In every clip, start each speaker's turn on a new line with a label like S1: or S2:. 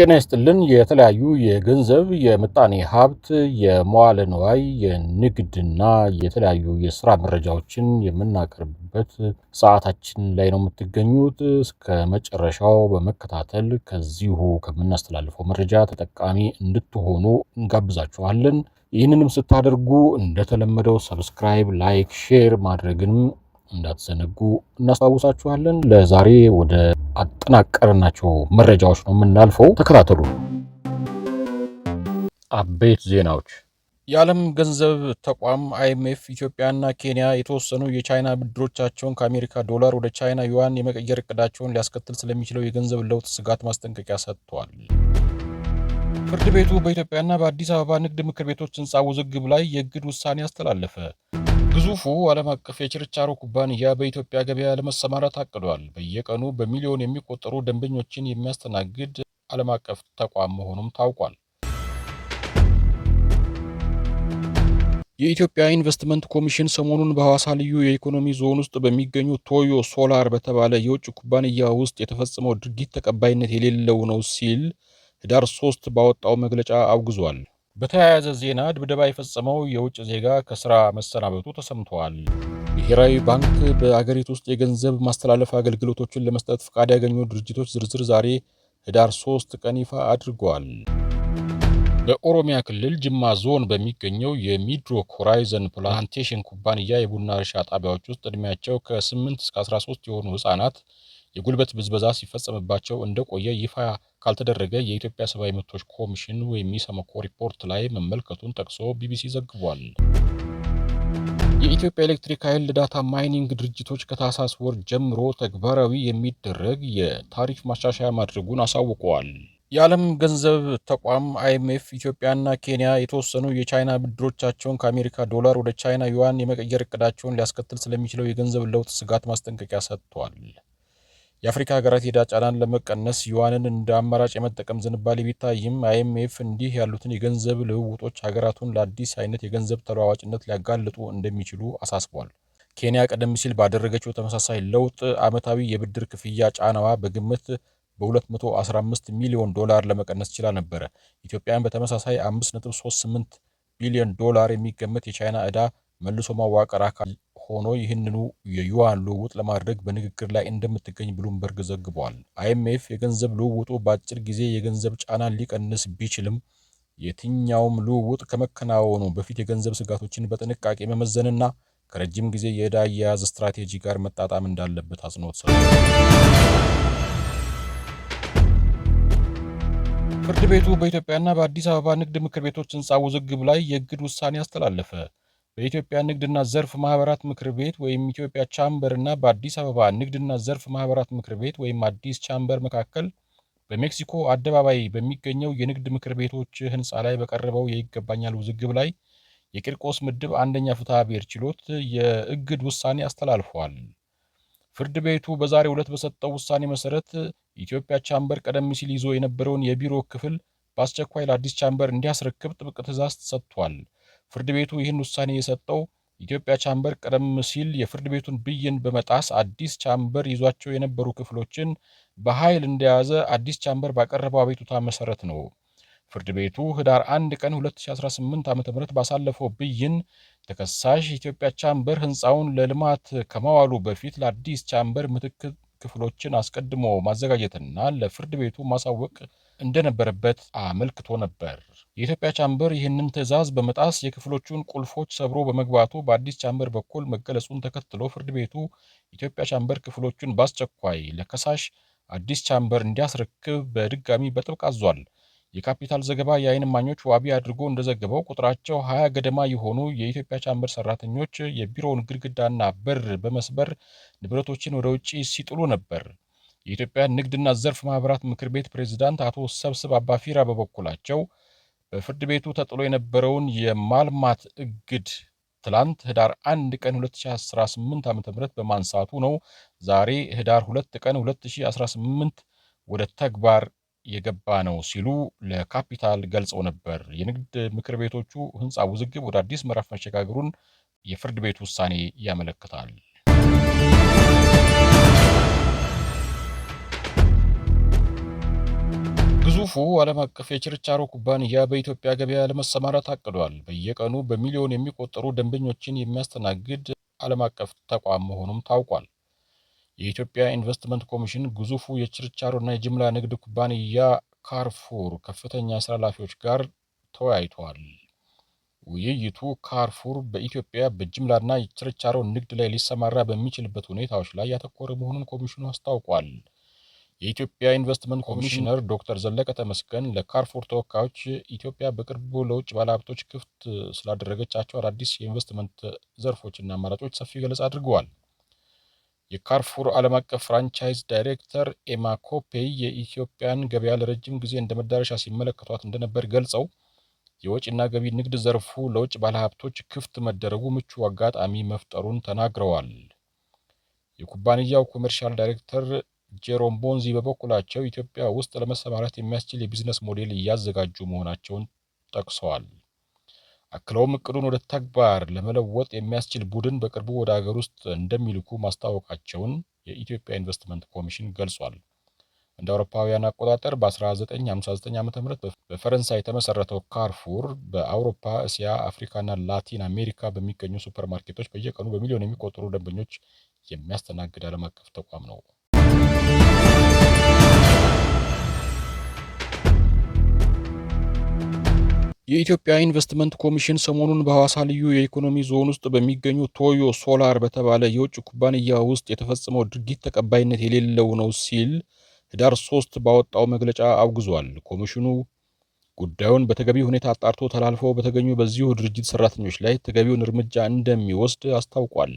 S1: ጤና ይስጥልን። የተለያዩ የገንዘብ የምጣኔ ሀብት የመዋለ ንዋይ የንግድና የተለያዩ የስራ መረጃዎችን የምናቀርብበት ሰዓታችን ላይ ነው የምትገኙት። እስከ መጨረሻው በመከታተል ከዚሁ ከምናስተላልፈው መረጃ ተጠቃሚ እንድትሆኑ እንጋብዛችኋለን። ይህንንም ስታደርጉ እንደተለመደው ሰብስክራይብ፣ ላይክ፣ ሼር ማድረግንም እንዳትዘነጉ እናስታውሳችኋለን። ለዛሬ ወደ አጠናቀርናቸው መረጃዎች ነው የምናልፈው። ተከታተሉ። አበይት ዜናዎች የዓለም ገንዘብ ተቋም አይኤምኤፍ ኢትዮጵያና ኬንያ የተወሰኑ የቻይና ብድሮቻቸውን ከአሜሪካ ዶላር ወደ ቻይና ዩዋን የመቀየር እቅዳቸውን ሊያስከትል ስለሚችለው የገንዘብ ለውጥ ስጋት ማስጠንቀቂያ ሰጥቷል። ፍርድ ቤቱ በኢትዮጵያና በአዲስ አበባ ንግድ ምክር ቤቶች ህንፃ ውዝግብ ላይ የእግድ ውሳኔ አስተላለፈ። ግዙፉ ዓለም አቀፍ የችርቻሮ ኩባንያ በኢትዮጵያ ገበያ ለመሰማራት አቅዷል። በየቀኑ በሚሊዮን የሚቆጠሩ ደንበኞችን የሚያስተናግድ ዓለም አቀፍ ተቋም መሆኑም ታውቋል። የኢትዮጵያ ኢንቨስትመንት ኮሚሽን ሰሞኑን በሐዋሳ ልዩ የኢኮኖሚ ዞን ውስጥ በሚገኙ ቶዮ ሶላር በተባለ የውጭ ኩባንያ ውስጥ የተፈጸመው ድርጊት ተቀባይነት የሌለው ነው ሲል ህዳር ሶስት ባወጣው መግለጫ አውግዟል። በተያያዘ ዜና ድብደባ የፈጸመው የውጭ ዜጋ ከስራ መሰናበቱ ተሰምተዋል። ብሔራዊ ባንክ በአገሪቱ ውስጥ የገንዘብ ማስተላለፍ አገልግሎቶችን ለመስጠት ፍቃድ ያገኙ ድርጅቶች ዝርዝር ዛሬ ህዳር 3 ቀን ይፋ አድርጓል። በኦሮሚያ ክልል ጅማ ዞን በሚገኘው የሚድሮክ ሆራይዘን ፕላንቴሽን ኩባንያ የቡና እርሻ ጣቢያዎች ውስጥ ዕድሜያቸው ከ8 እስከ 13 የሆኑ ህጻናት የጉልበት ብዝበዛ ሲፈጸምባቸው እንደቆየ ይፋ ካልተደረገ የኢትዮጵያ ሰብአዊ መብቶች ኮሚሽን ወይም ኢሰመኮ ሪፖርት ላይ መመልከቱን ጠቅሶ ቢቢሲ ዘግቧል። የኢትዮጵያ ኤሌክትሪክ ኃይል ዳታ ማይኒንግ ድርጅቶች ከታህሳስ ወር ጀምሮ ተግባራዊ የሚደረግ የታሪፍ ማሻሻያ ማድረጉን አሳውቀዋል። የዓለም ገንዘብ ተቋም አይኤምኤፍ ኢትዮጵያና ኬንያ የተወሰኑ የቻይና ብድሮቻቸውን ከአሜሪካ ዶላር ወደ ቻይና ዩዋን የመቀየር እቅዳቸውን ሊያስከትል ስለሚችለው የገንዘብ ለውጥ ስጋት ማስጠንቀቂያ ሰጥቷል። የአፍሪካ ሀገራት የዕዳ ጫናን ለመቀነስ ዩዋንን እንደ አማራጭ የመጠቀም ዝንባሌ ቢታይም አይኤምኤፍ እንዲህ ያሉትን የገንዘብ ልውውጦች ሀገራቱን ለአዲስ አይነት የገንዘብ ተለዋዋጭነት ሊያጋልጡ እንደሚችሉ አሳስቧል። ኬንያ ቀደም ሲል ባደረገችው ተመሳሳይ ለውጥ ዓመታዊ የብድር ክፍያ ጫናዋ በግምት በ215 ሚሊዮን ዶላር ለመቀነስ ችላ ነበረ። ኢትዮጵያን በተመሳሳይ 5.38 ቢሊዮን ዶላር የሚገመት የቻይና ዕዳ መልሶ ማዋቀር አካል ሆኖ ይህንኑ የዩዋን ልውውጥ ለማድረግ በንግግር ላይ እንደምትገኝ ብሉምበርግ ዘግቧል። አይኤምኤፍ የገንዘብ ልውውጡ በአጭር ጊዜ የገንዘብ ጫናን ሊቀንስ ቢችልም የትኛውም ልውውጥ ከመከናወኑ በፊት የገንዘብ ስጋቶችን በጥንቃቄ መመዘንና ከረጅም ጊዜ የዕዳ አያያዝ ስትራቴጂ ጋር መጣጣም እንዳለበት አጽንኦት ሰጥቷል። ፍርድ ቤቱ በኢትዮጵያና በአዲስ አበባ ንግድ ምክር ቤቶች ህንፃ ውዝግብ ላይ የእግድ ውሳኔ አስተላለፈ። በኢትዮጵያ ንግድና ዘርፍ ማህበራት ምክር ቤት ወይም ኢትዮጵያ ቻምበር እና በአዲስ አበባ ንግድና ዘርፍ ማህበራት ምክር ቤት ወይም አዲስ ቻምበር መካከል በሜክሲኮ አደባባይ በሚገኘው የንግድ ምክር ቤቶች ህንፃ ላይ በቀረበው የይገባኛል ውዝግብ ላይ የቂርቆስ ምድብ አንደኛ ፍትሐ ብሔር ችሎት የእግድ ውሳኔ አስተላልፏል። ፍርድ ቤቱ በዛሬ ዕለት በሰጠው ውሳኔ መሰረት ኢትዮጵያ ቻምበር ቀደም ሲል ይዞ የነበረውን የቢሮ ክፍል በአስቸኳይ ለአዲስ ቻምበር እንዲያስረክብ ጥብቅ ትዕዛዝ ሰጥቷል። ፍርድ ቤቱ ይህን ውሳኔ የሰጠው ኢትዮጵያ ቻምበር ቀደም ሲል የፍርድ ቤቱን ብይን በመጣስ አዲስ ቻምበር ይዟቸው የነበሩ ክፍሎችን በኃይል እንደያዘ አዲስ ቻምበር ባቀረበው አቤቱታ መሰረት ነው። ፍርድ ቤቱ ህዳር 1 ቀን 2018 ዓ.ም ባሳለፈው ብይን ተከሳሽ የኢትዮጵያ ቻምበር ህንፃውን ለልማት ከማዋሉ በፊት ለአዲስ ቻምበር ምትክ ክፍሎችን አስቀድሞ ማዘጋጀትና ለፍርድ ቤቱ ማሳወቅ እንደነበረበት አመልክቶ ነበር። የኢትዮጵያ ቻምበር ይህንን ትዕዛዝ በመጣስ የክፍሎቹን ቁልፎች ሰብሮ በመግባቱ በአዲስ ቻምበር በኩል መገለጹን ተከትሎ ፍርድ ቤቱ ኢትዮጵያ ቻምበር ክፍሎቹን በአስቸኳይ ለከሳሽ አዲስ ቻምበር እንዲያስረክብ በድጋሚ በጥብቅ አዟል። የካፒታል ዘገባ የዓይን እማኞች ዋቢ አድርጎ እንደዘገበው ቁጥራቸው ሀያ ገደማ የሆኑ የኢትዮጵያ ቻምበር ሰራተኞች የቢሮውን ግድግዳና በር በመስበር ንብረቶችን ወደ ውጭ ሲጥሉ ነበር። የኢትዮጵያ ንግድና ዘርፍ ማህበራት ምክር ቤት ፕሬዝዳንት አቶ ሰብስብ አባፊራ በበኩላቸው በፍርድ ቤቱ ተጥሎ የነበረውን የማልማት እግድ ትላንት ህዳር 1 ቀን 2018 ዓ.ም በማንሳቱ ነው ዛሬ ህዳር 2 ቀን 2018 ወደ ተግባር የገባ ነው ሲሉ ለካፒታል ገልጸው ነበር። የንግድ ምክር ቤቶቹ ህንፃ ውዝግብ ወደ አዲስ ምዕራፍ መሸጋገሩን የፍርድ ቤት ውሳኔ ያመለክታል። ግዙፉ ዓለም አቀፍ የችርቻሮ ኩባንያ በኢትዮጵያ ገበያ ለመሰማራት አቅዷል። በየቀኑ በሚሊዮን የሚቆጠሩ ደንበኞችን የሚያስተናግድ ዓለም አቀፍ ተቋም መሆኑም ታውቋል። የኢትዮጵያ ኢንቨስትመንት ኮሚሽን ግዙፉ የችርቻሮና የጅምላ ንግድ ኩባንያ ካርፉር ከፍተኛ ስራ ኃላፊዎች ጋር ተወያይቷል። ውይይቱ ካርፉር በኢትዮጵያ በጅምላና የችርቻሮ ንግድ ላይ ሊሰማራ በሚችልበት ሁኔታዎች ላይ ያተኮረ መሆኑን ኮሚሽኑ አስታውቋል። የኢትዮጵያ ኢንቨስትመንት ኮሚሽነር ዶክተር ዘለቀ ተመስገን ለካርፉር ተወካዮች ኢትዮጵያ በቅርቡ ለውጭ ባለሀብቶች ክፍት ስላደረገቻቸው አዳዲስ የኢንቨስትመንት ዘርፎችና አማራጮች ሰፊ ገለጻ አድርገዋል። የካርፉር ዓለም አቀፍ ፍራንቻይዝ ዳይሬክተር ኤማ ኮፔይ የኢትዮጵያን ገበያ ለረጅም ጊዜ እንደ መዳረሻ ሲመለከቷት እንደነበር ገልጸው የወጪና ገቢ ንግድ ዘርፉ ለውጭ ባለሀብቶች ክፍት መደረጉ ምቹ አጋጣሚ መፍጠሩን ተናግረዋል። የኩባንያው ኮሜርሻል ዳይሬክተር ጄሮም ቦንዚ በበኩላቸው ኢትዮጵያ ውስጥ ለመሰማራት የሚያስችል የቢዝነስ ሞዴል እያዘጋጁ መሆናቸውን ጠቅሰዋል። አክለውም እቅዱን ወደ ተግባር ለመለወጥ የሚያስችል ቡድን በቅርቡ ወደ አገር ውስጥ እንደሚልኩ ማስታወቃቸውን የኢትዮጵያ ኢንቨስትመንት ኮሚሽን ገልጿል። እንደ አውሮፓውያን አቆጣጠር በ1959 ዓ ም በፈረንሳይ የተመሰረተው ካርፉር በአውሮፓ፣ እስያ፣ አፍሪካና ላቲን አሜሪካ በሚገኙ ሱፐርማርኬቶች በየቀኑ በሚሊዮን የሚቆጠሩ ደንበኞች የሚያስተናግድ ዓለም አቀፍ ተቋም ነው። የኢትዮጵያ ኢንቨስትመንት ኮሚሽን ሰሞኑን በሐዋሳ ልዩ የኢኮኖሚ ዞን ውስጥ በሚገኙ ቶዮ ሶላር በተባለ የውጭ ኩባንያ ውስጥ የተፈጸመው ድርጊት ተቀባይነት የሌለው ነው ሲል ህዳር ሶስት ባወጣው መግለጫ አውግዟል። ኮሚሽኑ ጉዳዩን በተገቢ ሁኔታ አጣርቶ ተላልፎ በተገኙ በዚሁ ድርጅት ሰራተኞች ላይ ተገቢውን እርምጃ እንደሚወስድ አስታውቋል።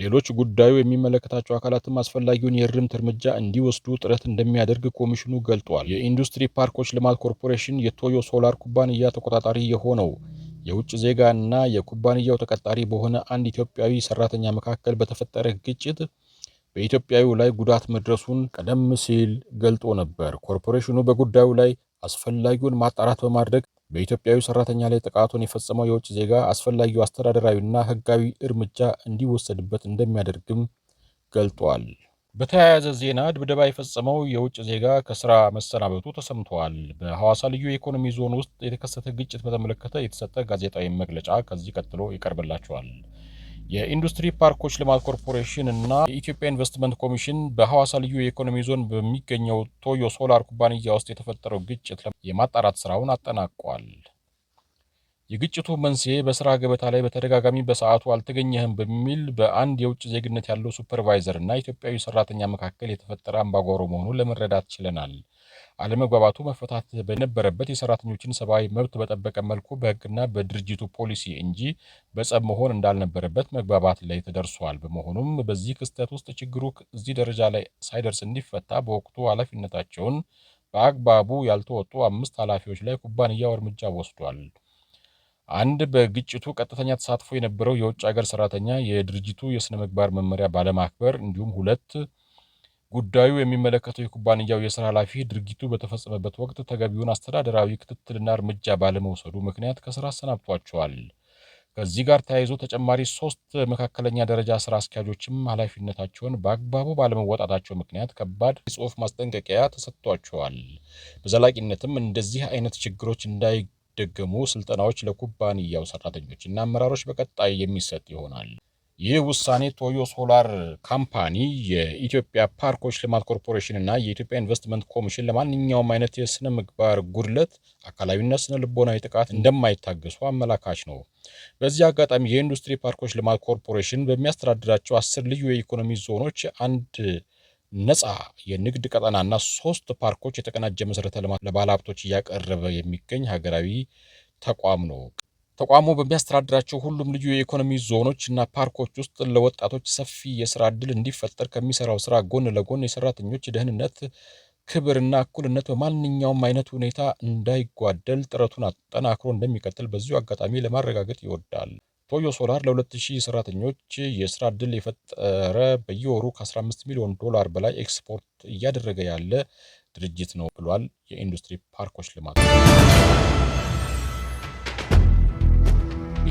S1: ሌሎች ጉዳዩ የሚመለከታቸው አካላትም አስፈላጊውን የእርምት እርምጃ እንዲወስዱ ጥረት እንደሚያደርግ ኮሚሽኑ ገልጧል። የኢንዱስትሪ ፓርኮች ልማት ኮርፖሬሽን የቶዮ ሶላር ኩባንያ ተቆጣጣሪ የሆነው የውጭ ዜጋ እና የኩባንያው ተቀጣሪ በሆነ አንድ ኢትዮጵያዊ ሰራተኛ መካከል በተፈጠረ ግጭት በኢትዮጵያዊው ላይ ጉዳት መድረሱን ቀደም ሲል ገልጦ ነበር። ኮርፖሬሽኑ በጉዳዩ ላይ አስፈላጊውን ማጣራት በማድረግ በኢትዮጵያዊ ሰራተኛ ላይ ጥቃቱን የፈጸመው የውጭ ዜጋ አስፈላጊው አስተዳደራዊና ሕጋዊ እርምጃ እንዲወሰድበት እንደሚያደርግም ገልጧል። በተያያዘ ዜና ድብደባ የፈጸመው የውጭ ዜጋ ከስራ መሰናበቱ ተሰምተዋል። በሐዋሳ ልዩ የኢኮኖሚ ዞን ውስጥ የተከሰተ ግጭት በተመለከተ የተሰጠ ጋዜጣዊ መግለጫ ከዚህ ቀጥሎ ይቀርብላቸዋል። የኢንዱስትሪ ፓርኮች ልማት ኮርፖሬሽን እና የኢትዮጵያ ኢንቨስትመንት ኮሚሽን በሐዋሳ ልዩ የኢኮኖሚ ዞን በሚገኘው ቶዮ ሶላር ኩባንያ ውስጥ የተፈጠረው ግጭት የማጣራት ስራውን አጠናቋል። የግጭቱ መንስኤ በስራ ገበታ ላይ በተደጋጋሚ በሰዓቱ አልተገኘህም በሚል በአንድ የውጭ ዜግነት ያለው ሱፐርቫይዘር እና ኢትዮጵያዊ ሰራተኛ መካከል የተፈጠረ አምባጓሮ መሆኑን ለመረዳት ችለናል። አለመግባባቱ መፈታት በነበረበት የሰራተኞችን ሰብአዊ መብት በጠበቀ መልኩ በህግና በድርጅቱ ፖሊሲ እንጂ በጸብ መሆን እንዳልነበረበት መግባባት ላይ ተደርሷል። በመሆኑም በዚህ ክስተት ውስጥ ችግሩ እዚህ ደረጃ ላይ ሳይደርስ እንዲፈታ በወቅቱ ኃላፊነታቸውን በአግባቡ ያልተወጡ አምስት ኃላፊዎች ላይ ኩባንያው እርምጃ ወስዷል። አንድ በግጭቱ ቀጥተኛ ተሳትፎ የነበረው የውጭ ሀገር ሰራተኛ የድርጅቱ የስነ ምግባር መመሪያ ባለማክበር እንዲሁም ሁለት ጉዳዩ የሚመለከተው የኩባንያው የስራ ኃላፊ ድርጊቱ በተፈጸመበት ወቅት ተገቢውን አስተዳደራዊ ክትትልና እርምጃ ባለመውሰዱ ምክንያት ከስራ አሰናብቷቸዋል። ከዚህ ጋር ተያይዞ ተጨማሪ ሶስት መካከለኛ ደረጃ ስራ አስኪያጆችም ኃላፊነታቸውን በአግባቡ ባለመወጣታቸው ምክንያት ከባድ የጽሁፍ ማስጠንቀቂያ ተሰጥቷቸዋል። በዘላቂነትም እንደዚህ አይነት ችግሮች እንዳይደገሙ ስልጠናዎች ለኩባንያው ሰራተኞች እና አመራሮች በቀጣይ የሚሰጥ ይሆናል። ይህ ውሳኔ ቶዮ ሶላር ካምፓኒ የኢትዮጵያ ፓርኮች ልማት ኮርፖሬሽን እና የኢትዮጵያ ኢንቨስትመንት ኮሚሽን ለማንኛውም አይነት የስነ ምግባር ጉድለት፣ አካላዊና ስነ ልቦናዊ ጥቃት እንደማይታገሱ አመላካች ነው። በዚህ አጋጣሚ የኢንዱስትሪ ፓርኮች ልማት ኮርፖሬሽን በሚያስተዳድራቸው አስር ልዩ የኢኮኖሚ ዞኖች አንድ ነፃ የንግድ ቀጠናና ሶስት ፓርኮች የተቀናጀ መሰረተ ልማት ለባለሀብቶች እያቀረበ የሚገኝ ሀገራዊ ተቋም ነው። ተቋሙ በሚያስተዳድራቸው ሁሉም ልዩ የኢኮኖሚ ዞኖች እና ፓርኮች ውስጥ ለወጣቶች ሰፊ የስራ እድል እንዲፈጠር ከሚሰራው ስራ ጎን ለጎን የሰራተኞች ደህንነት፣ ክብርና እኩልነት በማንኛውም አይነት ሁኔታ እንዳይጓደል ጥረቱን አጠናክሮ እንደሚቀጥል በዚሁ አጋጣሚ ለማረጋገጥ ይወዳል። ቶዮ ሶላር ለ2000 ሰራተኞች የስራ እድል የፈጠረ በየወሩ ከ15 ሚሊዮን ዶላር በላይ ኤክስፖርት እያደረገ ያለ ድርጅት ነው ብሏል። የኢንዱስትሪ ፓርኮች ልማት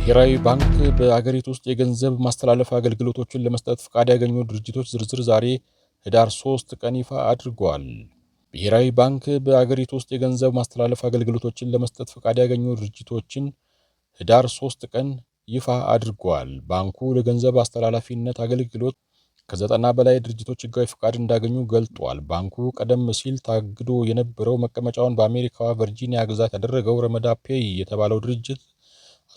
S1: ብሔራዊ ባንክ በአገሪቱ ውስጥ የገንዘብ ማስተላለፍ አገልግሎቶችን ለመስጠት ፈቃድ ያገኙ ድርጅቶች ዝርዝር ዛሬ ህዳር 3 ቀን ይፋ አድርገዋል። ብሔራዊ ባንክ በአገሪቱ ውስጥ የገንዘብ ማስተላለፍ አገልግሎቶችን ለመስጠት ፈቃድ ያገኙ ድርጅቶችን ህዳር 3 ቀን ይፋ አድርገዋል። ባንኩ ለገንዘብ አስተላላፊነት አገልግሎት ከዘጠና በላይ ድርጅቶች ህጋዊ ፈቃድ እንዳገኙ ገልጧል። ባንኩ ቀደም ሲል ታግዶ የነበረው መቀመጫውን በአሜሪካዋ ቨርጂኒያ ግዛት ያደረገው ረመዳ ፔይ የተባለው ድርጅት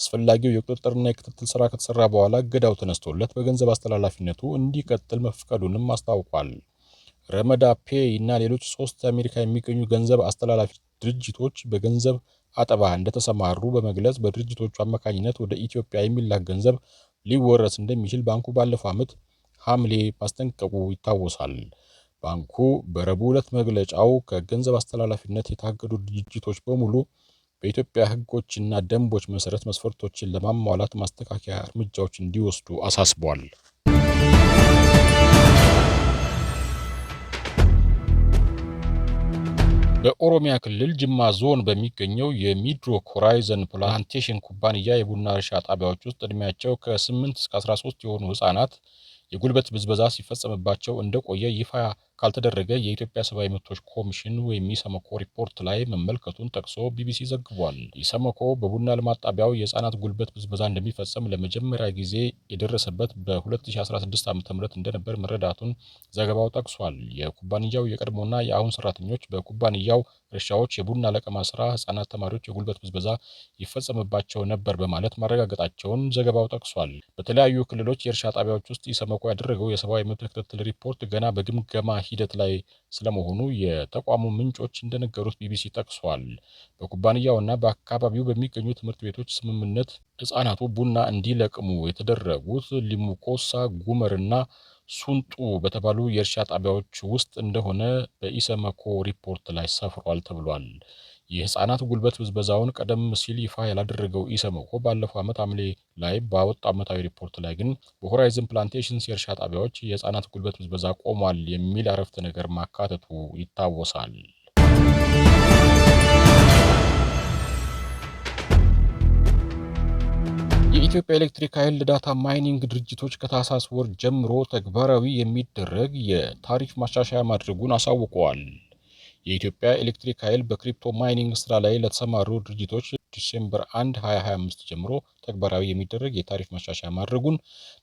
S1: አስፈላጊው የቁጥጥርና የክትትል ስራ ከተሰራ በኋላ እገዳው ተነስቶለት በገንዘብ አስተላላፊነቱ እንዲቀጥል መፍቀዱንም አስታውቋል። ረመዳ ፔይ እና ሌሎች ሶስት አሜሪካ የሚገኙ ገንዘብ አስተላላፊ ድርጅቶች በገንዘብ አጠባ እንደተሰማሩ በመግለጽ በድርጅቶቹ አማካኝነት ወደ ኢትዮጵያ የሚላክ ገንዘብ ሊወረስ እንደሚችል ባንኩ ባለፈው ዓመት ሐምሌ ማስጠንቀቁ ይታወሳል። ባንኩ በረቡዕ ዕለት መግለጫው ከገንዘብ አስተላላፊነት የታገዱ ድርጅቶች በሙሉ በኢትዮጵያ ህጎችና ደንቦች መሰረት መስፈርቶችን ለማሟላት ማስተካከያ እርምጃዎች እንዲወስዱ አሳስቧል። በኦሮሚያ ክልል ጅማ ዞን በሚገኘው የሚድሮክ ሆራይዘን ፕላንቴሽን ኩባንያ የቡና እርሻ ጣቢያዎች ውስጥ እድሜያቸው ከ8 እስከ 13 የሆኑ ህጻናት የጉልበት ብዝበዛ ሲፈጸምባቸው እንደቆየ ይፋ ካልተደረገ የኢትዮጵያ ሰብአዊ መብቶች ኮሚሽን ወይም ኢሰመኮ ሪፖርት ላይ መመልከቱን ጠቅሶ ቢቢሲ ዘግቧል። ኢሰመኮ በቡና ልማት ጣቢያው የህጻናት ጉልበት ብዝበዛ እንደሚፈጸም ለመጀመሪያ ጊዜ የደረሰበት በ2016 ዓ ም እንደነበር መረዳቱን ዘገባው ጠቅሷል። የኩባንያው የቀድሞና የአሁን ሰራተኞች በኩባንያው እርሻዎች የቡና ለቀማ ስራ ህጻናት ተማሪዎች የጉልበት ብዝበዛ ይፈጸምባቸው ነበር በማለት ማረጋገጣቸውን ዘገባው ጠቅሷል። በተለያዩ ክልሎች የእርሻ ጣቢያዎች ውስጥ ኢሰመኮ ያደረገው የሰብአዊ መብት ክትትል ሪፖርት ገና በግምገማ ሂደት ላይ ስለመሆኑ የተቋሙ ምንጮች እንደነገሩት ቢቢሲ ጠቅሷል። በኩባንያውና በአካባቢው በሚገኙ ትምህርት ቤቶች ስምምነት ሕፃናቱ ቡና እንዲለቅሙ የተደረጉት ሊሙኮሳ ጉመርና ሱንጡ በተባሉ የእርሻ ጣቢያዎች ውስጥ እንደሆነ በኢሰመኮ ሪፖርት ላይ ሰፍሯል ተብሏል። የህፃናት ጉልበት ብዝበዛውን ቀደም ሲል ይፋ ያላደረገው ኢሰመኮ ባለፈው ዓመት ሐምሌ ላይ ባወጣ ዓመታዊ ሪፖርት ላይ ግን በሆራይዘን ፕላንቴሽንስ የእርሻ ጣቢያዎች የህፃናት ጉልበት ብዝበዛ ቆሟል የሚል አረፍተ ነገር ማካተቱ ይታወሳል። የኢትዮጵያ ኤሌክትሪክ ኃይል ዳታ ማይኒንግ ድርጅቶች ከታህሳስ ወር ጀምሮ ተግባራዊ የሚደረግ የታሪፍ ማሻሻያ ማድረጉን አሳውቀዋል። የኢትዮጵያ ኤሌክትሪክ ኃይል በክሪፕቶ ማይኒንግ ስራ ላይ ለተሰማሩ ድርጅቶች ዲሴምበር 1 2025 ጀምሮ ተግባራዊ የሚደረግ የታሪፍ ማሻሻያ ማድረጉን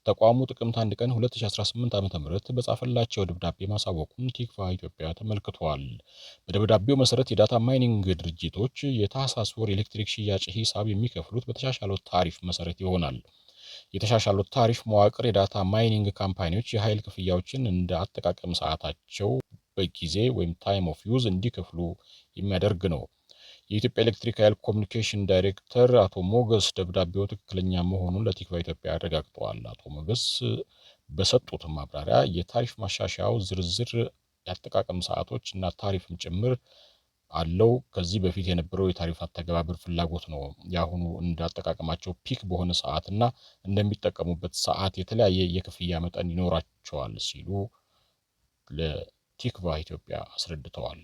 S1: ተቋሙ ጥቅምት 1 ቀን 2018 ዓ ም በጻፈላቸው ደብዳቤ ማሳወቁን ቲክፋ ኢትዮጵያ ተመልክቷል። በደብዳቤው መሰረት የዳታ ማይኒንግ ድርጅቶች የታህሳስ ወር ኤሌክትሪክ ሽያጭ ሂሳብ የሚከፍሉት በተሻሻለው ታሪፍ መሰረት ይሆናል። የተሻሻሉት ታሪፍ መዋቅር የዳታ ማይኒንግ ካምፓኒዎች የኃይል ክፍያዎችን እንደ አጠቃቀም ሰዓታቸው ጊዜ ወይም ታይም ኦፍ ዩዝ እንዲከፍሉ የሚያደርግ ነው። የኢትዮጵያ ኤሌክትሪክ ኃይል ኮሚኒኬሽን ዳይሬክተር አቶ ሞገስ ደብዳቤው ትክክለኛ መሆኑን ለቲክቫ ኢትዮጵያ አረጋግጠዋል። አቶ ሞገስ በሰጡት ማብራሪያ የታሪፍ ማሻሻያው ዝርዝር የአጠቃቀም ሰዓቶች እና ታሪፍም ጭምር አለው። ከዚህ በፊት የነበረው የታሪፍ አተገባበር ፍላጎት ነው። የአሁኑ እንዳጠቃቀማቸው ፒክ በሆነ ሰዓት እና እንደሚጠቀሙበት ሰዓት የተለያየ የክፍያ መጠን ይኖራቸዋል ሲሉ ቲክቫ ኢትዮጵያ አስረድተዋል።